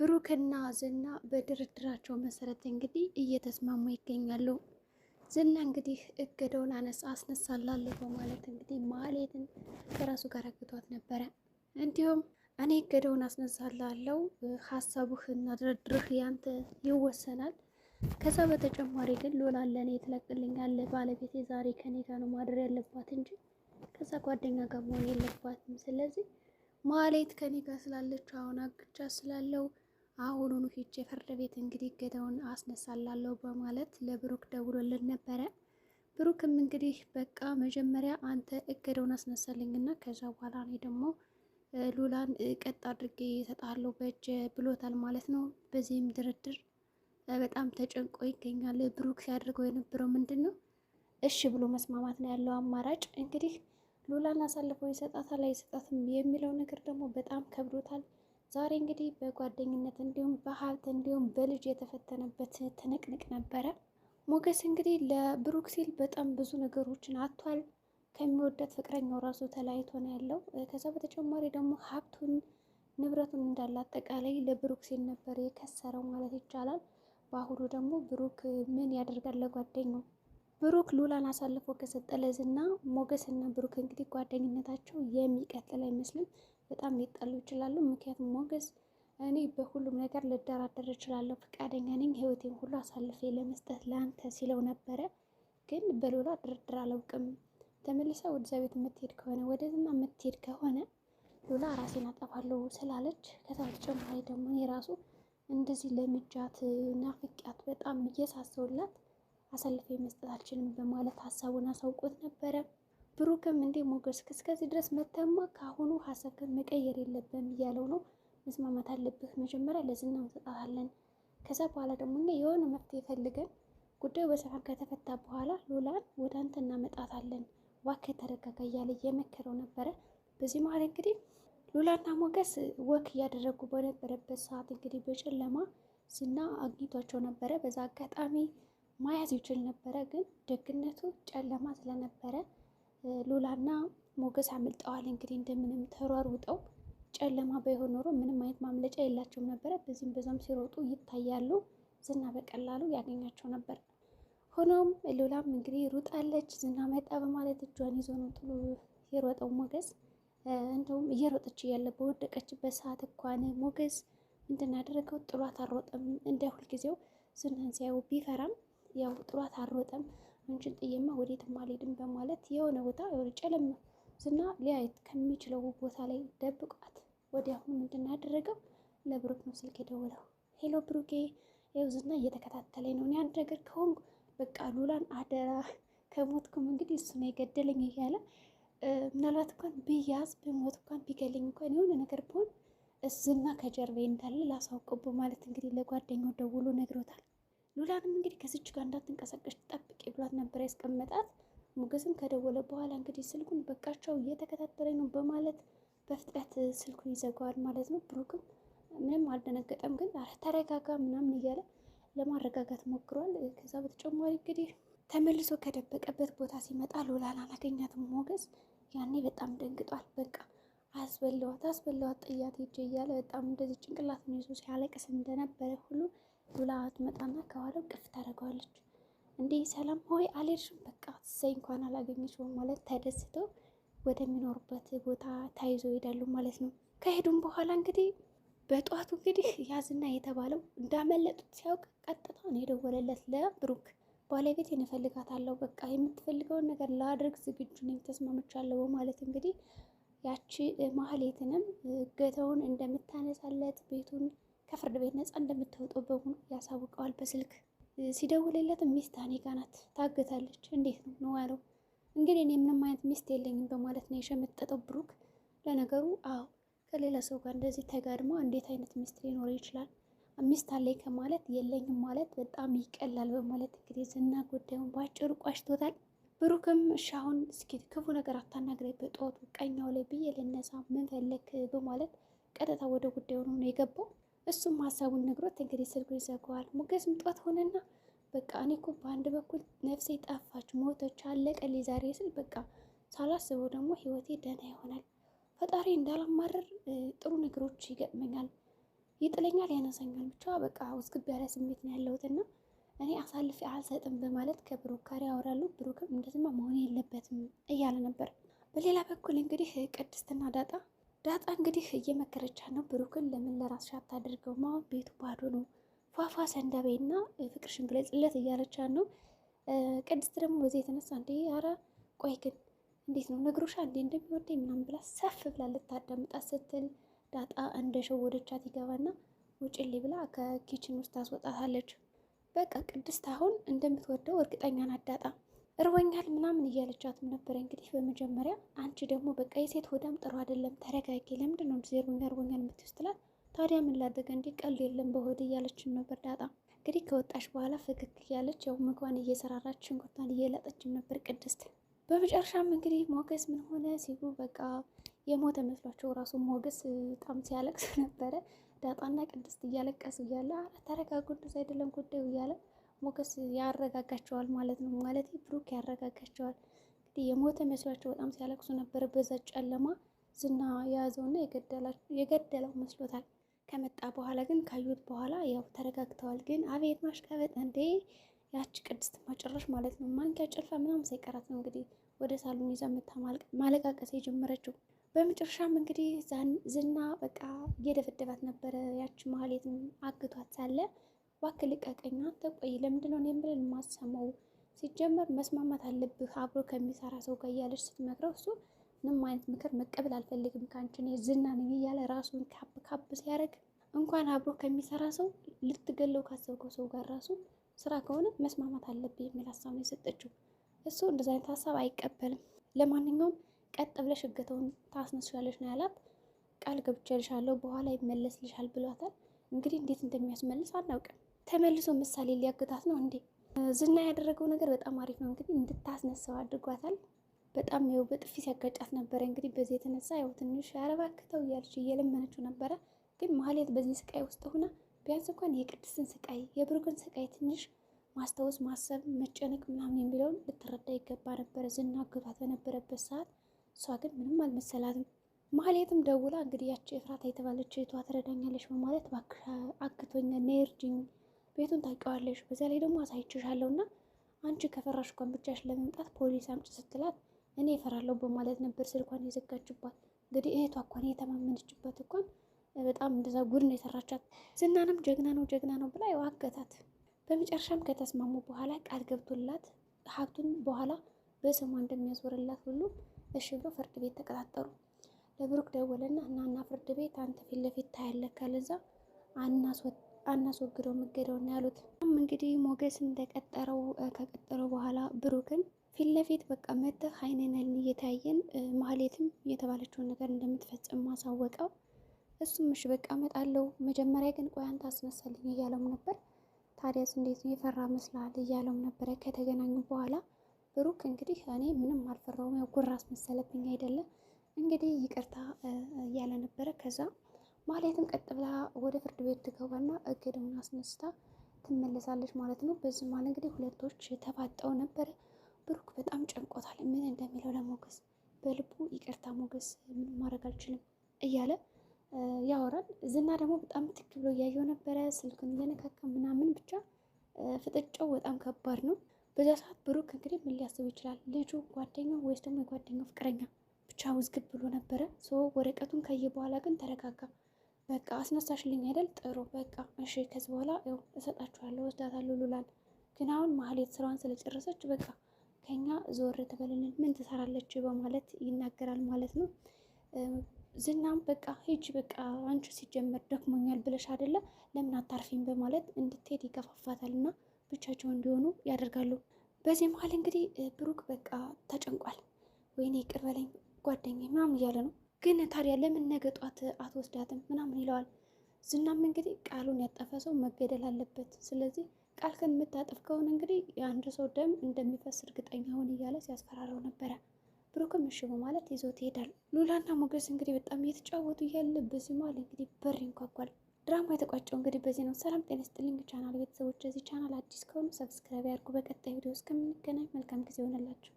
ብሩክና ዝና በድርድራቸው መሰረት እንግዲህ እየተስማሙ ይገኛሉ። ዝና እንግዲህ እገደውን አነሳ አስነሳላለሁ በማለት እንግዲህ ማህሌትን ከራሱ ጋር አግቷት ነበረ። እንዲሁም እኔ እገደውን አስነሳላለሁ፣ ሀሳቡህ እና ድርድርህ ያንተ ይወሰናል። ከዛ በተጨማሪ ግን ሎላ ለእኔ ትለቅልኛል። ባለቤቴ ዛሬ ከኔ ጋር ነው ማድረግ ያለባት እንጂ ከዛ ጓደኛ ጋር መሆን የለባትም። ስለዚህ ማህሌት ከኔ ጋር ስላለች አሁን አግቻ ስላለው አሁኑኑ ሂጄ ፍርድ ቤት እንግዲህ እገዳውን አስነሳላለሁ በማለት ለብሩክ ደውሎልን ነበረ። ብሩክም እንግዲህ በቃ መጀመሪያ አንተ እገዳውን አስነሳልኝና ከዛ በኋላ እኔ ደግሞ ሉላን ቀጥ አድርጌ እሰጣለሁ በእጅ ብሎታል ማለት ነው። በዚህም ድርድር በጣም ተጨንቆ ይገኛል። ብሩክ ሲያደርገው የነበረው ምንድን ነው? እሺ ብሎ መስማማት ነው ያለው አማራጭ እንግዲህ ሉላን አሳልፈው ይሰጣታል አይሰጣትም የሚለው ነገር ደግሞ በጣም ከብዶታል። ዛሬ እንግዲህ በጓደኝነት እንዲሁም በሀብት እንዲሁም በልጅ የተፈተነበት ትንቅንቅ ነበረ። ሞገስ እንግዲህ ለብሩክ ሲል በጣም ብዙ ነገሮችን አቷል። ከሚወደት ፍቅረኛው ራሱ ተለያይቶ ነው ያለው። ከዛ በተጨማሪ ደግሞ ሀብቱን ንብረቱን እንዳለ አጠቃላይ ለብሩክ ሲል ነበር የከሰረው ማለት ይቻላል። በአሁኑ ደግሞ ብሩክ ምን ያደርጋል ለጓደኛው ብሩክ ሉላን አሳልፎ ከሰጠ ለዝና ሞገስና ብሩክ እንግዲህ ጓደኝነታቸው የሚቀጥል አይመስልም። በጣም ሊጣሉ ይችላሉ። ምክንያቱም ሞገስ እኔ በሁሉም ነገር ልደራደር እችላለሁ፣ ፈቃደኛ ነኝ፣ ህይወቴን ሁሉ አሳልፌ ለመስጠት ለአንተ ሲለው ነበረ። ግን በሎላ ድርድር አላውቅም፣ ተመልሳ ወደዛ ቤት የምትሄድ ከሆነ ወደዝና የምትሄድ ከሆነ ሎላ ራሴን አጠፋለሁ ስላለች፣ ከዛ በተጨማሪ ደግሞ እኔ ራሱ እንደዚህ ለምጃት ናፍቂያት በጣም እየሳሰውላት አሳልፌ መስጠት አልችልም በማለት ሀሳቡን አሳውቆት ነበረ። ብሩክም እንዴ ሞገስ እስከዚህ ድረስ መተማ ከአሁኑ ሀሳብህን መቀየር የለብህም እያለው ነው። መስማማት አለብህ መጀመሪያ ለዝና እንሰጣታለን። ከዛ በኋላ ደግሞ እኛ የሆነ መፍትሄ ፈልገን ጉዳዩ በሰላም ከተፈታ በኋላ ሎላን ወደ አንተ እናመጣታለን። ዋክ ተረጋጋ እያለ የመከረው ነበረ። በዚህ መሀል እንግዲህ ሉላና ሞገስ ወክ እያደረጉ በነበረበት ሰዓት እንግዲህ በጨለማ ዝና አግኝቷቸው ነበረ። በዛ አጋጣሚ ማያዝ ይችል ነበረ፣ ግን ደግነቱ ጨለማ ስለነበረ ሉላና ሞገስ አምልጠዋል። እንግዲህ እንደምንም ተሯሩጠው ጨለማ ባይሆን ኖሮ ምንም አይነት ማምለጫ የላቸውም ነበረ። በዚህም በዛም ሲሮጡ ይታያሉ። ዝና በቀላሉ ያገኛቸው ነበር። ሆኖም ሉላም እንግዲህ ሩጣለች። ዝና መጣ በማለት እጇን ይዞ ነው ጥሎ የሮጠው ሞገስ። እንደውም እየሮጠች እያለ በወደቀችበት ሰዓት እንኳን ሞገስ እንድናደረገው ጥሏት አልሮጠም። እንደ ሁልጊዜው ዝናን ሲያየው ቢፈራም ያው ጥሏት አልሮጠም። አንቺን ጥዬማ ወዴትም አልሄድም በማለት የሆነ ቦታ ጨለም ዝና ሊያየት ከሚችለው ቦታ ላይ ደብቋት ወዲያውኑ ምንድን ነው ያደረገው? ለብሩክ ነው ስልክ የደወለው። ሄሎ ብሩኬ፣ ይኸው ዝና እየተከታተለኝ ነው። እኔ አንድ ነገር ከሆንኩ በቃ ሉላን አደራ፣ ከሞትኩም እንግዲህ እሱ ነው የገደለኝ እያለ ምናልባት እንኳን ብያዝ ብሞት እንኳን ቢገለኝ እንኳን የሆነ ነገር ብሆን ዝና ከጀርባ እንዳለ ላሳውቀው ማለት እንግዲህ ለጓደኛው ደውሎ ነግሮታል። ሉላንም እንግዲህ ከዚች ጋር እንዳትንቀሳቀሽ ጠብቂ ብሏት ነበር ያስቀመጣት። ሞገስም ከደወለ በኋላ እንግዲህ ስልኩን በቃቸው እየተከታተለኝ ነው በማለት በፍጥነት ስልኩን ይዘጋዋል ማለት ነው። ብሩክም ምንም አልደነገጠም፣ ግን ተረጋጋ ምናምን እያለ ለማረጋጋት ሞክሯል። ከዛ በተጨማሪ እንግዲህ ተመልሶ ከደበቀበት ቦታ ሲመጣ ሎላን አላገኛትም ሞገስ። ያኔ በጣም ደንግጧል። በቃ አስበለዋት አስበለዋት ጥያት ሂጅ እያለ በጣም እንደዚህ ጭንቅላት ይዞ ሲያለቅስ እንደነበረ ሁሉ ሉላ ትመጣና ከኋላው ቅፍ ታደርገዋለች። እንዴ ሰላም ሆይ አልሄድሽም? በቃ ሰይ እንኳን አላገኘሽ ማለት ተደስቶ ወደሚኖሩበት ቦታ ተይዞ ይሄዳሉ ማለት ነው። ከሄዱም በኋላ እንግዲህ በጠዋቱ እንግዲህ ያዝና የተባለው እንዳመለጡት ሲያውቅ ቀጥታ ነው የደወለለት ለብሩክ። ባለቤት እንፈልጋታለሁ በቃ የምትፈልገውን ነገር ላድርግ ዝግጁ ነኝ ተስማምቻለሁ ማለት እንግዲህ ያቺ ማህሌትንም እገተውን እንደምታነሳለት ቤቱን ከፍርድ ቤት ነፃ እንደምትወጡ በሙሉ ያሳውቀዋል። በስልክ ሲደውልለት ሚስት እኔ ናት፣ ታግታለች፣ እንዴት ነው ነው ያለው። እንግዲህ እኔ ምንም አይነት ሚስት የለኝም በማለት ነው የሸመጠጠው ብሩክ። ለነገሩ አዎ ከሌላ ሰው ጋር እንደዚህ ተጋድሞ እንዴት አይነት ሚስት ሊኖረው ይችላል? ሚስት አለኝ ከማለት የለኝም ማለት በጣም ይቀላል በማለት እንግዲህ ዝና ጉዳዩን በአጭሩ ቋሽቶታል። ብሩክም እሺ አሁን እስኪ ክፉ ነገር አታናግረኝ በጠዋቱ ቀኛው ላይ ብዬ ልነሳ ምን ፈለክ በማለት ቀጥታ ወደ ጉዳዩ ነው የገባው። እሱም ሀሳቡን ነግሮት እንግዲህ ስልኩን ይዘጋዋል። ሞገስም ጧት ሆነና በቃ እኔ እኮ በአንድ በኩል ነፍሴ ጠፋች፣ ሞተች፣ አለቀልኝ ዛሬ ስል በቃ ሳላስበው ደግሞ ህይወቴ ደህና ይሆናል። ፈጣሪ እንዳላማረር ጥሩ ነገሮች ይገጥመኛል፣ ይጥለኛል፣ ያነሳኛል። ብቻ በቃ ውዝግብ ያለ ስሜት ነው ያለሁትና እኔ አሳልፌ አልሰጥም በማለት ከብሩክ ጋር ያወራሉ። ብሩክም መሆን የለበትም እያለ ነበር። በሌላ በኩል እንግዲህ ቅድስትና ዳጣ ዳጣ እንግዲህ እየመከረቻ ነው ብሩክን ለምን ለራስሽ አታደርገውማ ቤቱ ባዶ ነው ፏፏ ሰንዳቤና ፍቅርሽን ግለጽለት እያለቻ ነው። ቅድስት ደግሞ በዚህ የተነሳ እንዴ አረ ቆይ ግን እንዴት ነው ነግሮሻ እንዴ እንደሚወደኝ ምናምን ብላ ሰፍ ብላ ልታዳምጣት ስትል ዳጣ እንደ ሸወደቻት ይገባና ውጭሌ ብላ ከኪችን ውስጥ ታስወጣታለች። በቃ ቅድስት አሁን እንደምትወደው እርግጠኛ ናት ዳጣ እርወኛል ምናምን እያለቻትም ነበረ። እንግዲህ በመጀመሪያ አንቺ ደግሞ በቃ የሴት ሆዳም ጥሩ አይደለም፣ ተረጋጊ። ለምንድን ነው እንደዚህ እርወኛል የምትይው ታዲያ ምን ላደገ እንዲህ ቀልድ የለም በሆድ እያለችም ነበር ዳጣ። እንግዲህ ከወጣሽ በኋላ ፈገግ እያለች ያው ምግቧን እየሰራራች ሽንኩርቷን እየላጠችም ነበር ቅድስት። በመጨረሻም እንግዲህ ሞገስ ምን ሆነ ሲሉ በቃ የሞተ መስሏቸው ራሱ ሞገስ በጣም ሲያለቅስ ነበረ። ዳጣና ቅድስት እያለቀሱ እያለ ተረጋጉ፣ እንደዚህ አይደለም ጉዳዩ እያለ ሞገስ ያረጋጋቸዋል ማለት ነው። ማለት ብሩክ ያረጋጋቸዋል። እንግዲህ የሞተ መስሏቸው በጣም ሲያለቅሱ ነበር። በዛ ጨለማ ዝና የያዘውና የገደለው መስሎታል። ከመጣ በኋላ ግን ካዩት በኋላ ያው ተረጋግተዋል። ግን አቤት ማሽቀበጥ እንዴ! ያች ቅድስት ማጨረሽ ማለት ነው። ማንኪያ ጭልፋ ምናምን ሳይቀራት ነው እንግዲህ ወደ ሳሎን ይዛ መታ ማለቃቀስ የጀመረችው። በመጨረሻም እንግዲህ ዝና በቃ እየደበደባት ነበረ። ያች መሀሌትን አግቷት ሳለ እባክህ ልቀቀኝ፣ አንተ ቆይ ለምንድን ነው እኔም ብለን ሲጀመር መስማማት አለብህ አብሮ ከሚሰራ ሰው ጋር እያለች ስትመክረው እሱ ምንም አይነት ምክር መቀበል አልፈልግም ከአንቺ እኔ ዝና ነኝ እያለ ራሱን ካብ ካብ ሲያደርግ እንኳን አብሮ ከሚሰራ ሰው ልትገለው ካሰብከው ሰው ጋር ራሱ ስራ ከሆነ መስማማት አለብህ የሚል ሀሳብ ነው የሰጠችው። እሱ እንደዚ አይነት ሀሳብ አይቀበልም። ለማንኛውም ቀጥ ብለሽ እገተውን ታስነሻለሽ ነው ያላት። ቃል ገብቼልሻለሁ በኋላ ይመለስልሻል ብሏታል። እንግዲህ እንዴት እንደሚያስመልስ አናውቅም። ተመልሶ ምሳሌ ሊያግታት ነው እንዴ? ዝና ያደረገው ነገር በጣም አሪፍ ነው። እንግዲህ እንድታስነሳው አድርጓታል። በጣም ያው በጥፊ ሲያጋጫት ነበረ። እንግዲህ በዚህ የተነሳ ያው ትንሽ ያረባክተው እያለች እየለመነችው ነበረ። ግን ማህሌት በዚህ ስቃይ ውስጥ ሆና ቢያንስ እንኳን የቅድስትን ስቃይ የብሩክን ስቃይ ትንሽ ማስታወስ፣ ማሰብ፣ መጨነቅ ምናምን የሚለውን ልትረዳ ይገባ ነበረ። ዝና አግቷት በነበረበት ሰዓት እሷ ግን ምንም አልመሰላትም። ማህሌትም ደውላ እንግዲህ ያቺ ኤፍራታ የተባለች እህቷ ትረዳኛለች በማለት እባክሽ አግቶኛል ነይ እርጂኝ ቤቱን ታውቂዋለሽ፣ በዛ ላይ ደግሞ አሳይችሻለሁ እና አንቺ ከፈራሽ እንኳን ብቻሽ ለመምጣት ፖሊስ አምጪ ስትላት እኔ እፈራለሁ በማለት ነበር ስልኳን የዘጋችባት። እንግዲህ እህቷ እንኳን የተማመነችበት እንኳን በጣም እንደዛ ጉድ ነው የሰራቻት። ዝናንም ጀግና ነው ጀግና ነው ብላ አገታት። በመጨረሻም ከተስማሙ በኋላ ቃል ገብቶላት ሀብቱን በኋላ በስሟ እንደሚያዞርላት ሁሉ እሺ ብሎ ፍርድ ቤት ተቀጣጠሩ። ለብሩክ ደወለና እናና ፍርድ ቤት አንተ ፊት ለፊት ታያለህ፣ አናስወግደው መገደው ነው ያሉት። እንግዲህ ሞገስ እንደቀጠረው ከቀጠረው በኋላ ብሩክን ፊት ለፊት በቃ መጥተህ አይንን እየታየን ማህሌትም የተባለችውን ነገር እንደምትፈጽም ማሳወቀው። እሱም እሺ በቃ እመጣለሁ፣ መጀመሪያ ግን ቆይ አንተ አስነሳልኝ እያለውም ነበር። ታዲያስ እንዴት የፈራ መስላል እያለውም ነበረ። ከተገናኙ በኋላ ብሩክ እንግዲህ እኔ ምንም አልፈራውም፣ ያው ጉራስ አይደለም እንግዲህ ይቅርታ እያለ ነበረ ከዛ ማለትም ቀጥ ብላ ወደ ፍርድ ቤት ትገባና እግድና አስነስታ ትመለሳለች ማለት ነው። በዚህ መሃል እንግዲህ ሁለቶች ተፋጠው ነበረ። ብሩክ በጣም ጨንቆታል። ምን እንደሚለው ለሞገስ በልቡ ይቅርታ ሞገስ ምን ማድረግ አልችልም እያለ ያወራል። ዝና ደግሞ በጣም ትክ ብሎ እያየው ነበረ፣ ስልኩን እየነካከ ምናምን። ብቻ ፍጥጫው በጣም ከባድ ነው። በዛ ሰዓት ብሩክ እንግዲህ ምን ሊያስብ ይችላል? ልጁ ጓደኛው ወይስ ደግሞ የጓደኛው ፍቅረኛ? ብቻ ውዝግብ ብሎ ነበረ። ወረቀቱን ካየ በኋላ ግን ተረጋጋ። በቃ አስነሳሽልኝ አይደል? ጥሩ በቃ እሺ፣ ከዚህ በኋላ ያው እሰጣችኋለሁ፣ ወስዳታለሁ ሉላን። ግን አሁን ማህሌት ስራዋን ስለጨረሰች በቃ ከኛ ዞር ትበልልን፣ ምን ትሰራለች በማለት ይናገራል ማለት ነው። ዝናም በቃ ሂጂ በቃ አንቺ ሲጀመር ደክሞኛል ብለሽ አይደለ ለምን አታርፊም በማለት እንድትሄድ ይገፋፋታል እና ብቻቸው እንዲሆኑ ያደርጋሉ። በዚህ መሀል እንግዲህ ብሩክ በቃ ተጨንቋል። ወይኔ ይቅር በለኝ ምናምን እያለ ነው ግን ታዲያ ለምን ነገ ጧት አትወስዳትም ምናምን ይለዋል። ዝናም እንግዲህ ቃሉን ያጠፈ ሰው መገደል አለበት። ስለዚህ ቃል ከምታጠፍ ከሆነ እንግዲህ የአንድ ሰው ደም እንደሚፈስ እርግጠኛ ሆን እያለ ሲያስፈራረው ነበረ። ብሩክም እሺ በማለት ይዞት ይሄዳል። ሉላና ሞገስ እንግዲህ በጣም እየተጫወቱ እያለ በዚህ መሀል እንግዲህ በር ይንኳኳል። ድራማ የተቋጨው እንግዲህ በዚህ ነው። ሰላም ጤና ስጥልኝ ቻናል ቤተሰቦች፣ እዚህ ቻናል አዲስ ከሆኑ ሰብስክራይብ ያድርጉ። በቀጣይ ቪዲዮ እስከምንገናኝ መልካም ጊዜ ይሆንላችሁ።